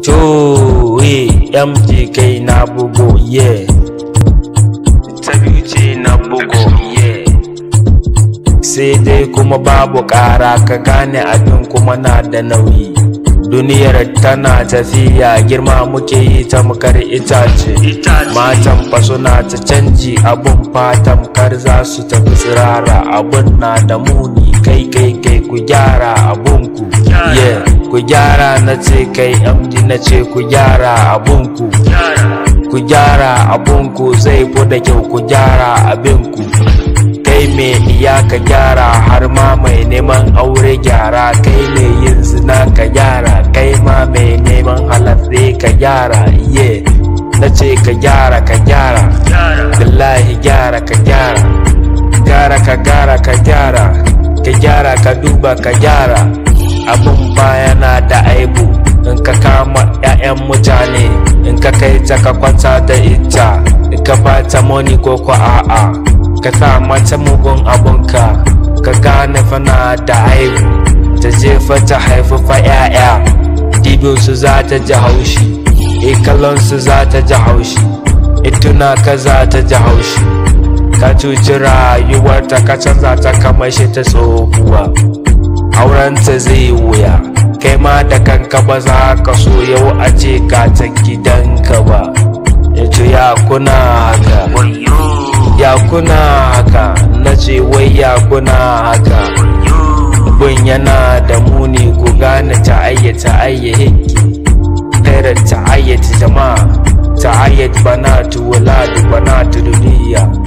Joe mg kai na bugo yeah interview na bugo yeah sai dai kuma babu ƙara ka gane abin kuma na da nauyi duniyar tana tafiya girma muke yi tamkar itace matan fa suna ta canji abun fatan kar za su tafi tsirara abun na da muni kai kai kai ku gyara abun ku ku gyara na ce kai amdi na ce ku gyara abunku ku gyara abunku zai fi da kyau ku gyara abinku kai me iya ka gyara har ma mai neman aure gyara kai me yin zina ka gyara kai ma mai neman halatse ka gyara iye na ce ka gyara ka gyara billahi gyara ka gyara gyara ka gyara ka gyara ka gyara ka duba ka gyara abun baya na da aibu in ka kama 'ya'yan mutane in ka kai ta ka kwanta da ita in ka bata moni ko ko a'a ka sa mata mugun abunka ka gane fana da aibu ta jefa ta haifafa 'ya'ya dibinsu za ta ji haushi su za ta ji haushi eh ituna eh ka za ta ji haushi ka cuci rayuwarta ka canza ta kamar shi ta tsohuwa Auren ta zai wuya kai ma da kanka ba za ka so yau a ce ka ta gidanka ba ya ce ya kuna haka ya kuna haka na ce wai ya kuna haka gun yana da muni ku gane ta ayyata ayyahiki tairar ta ta jama'a ta ayyat bana tuwala da bana duniya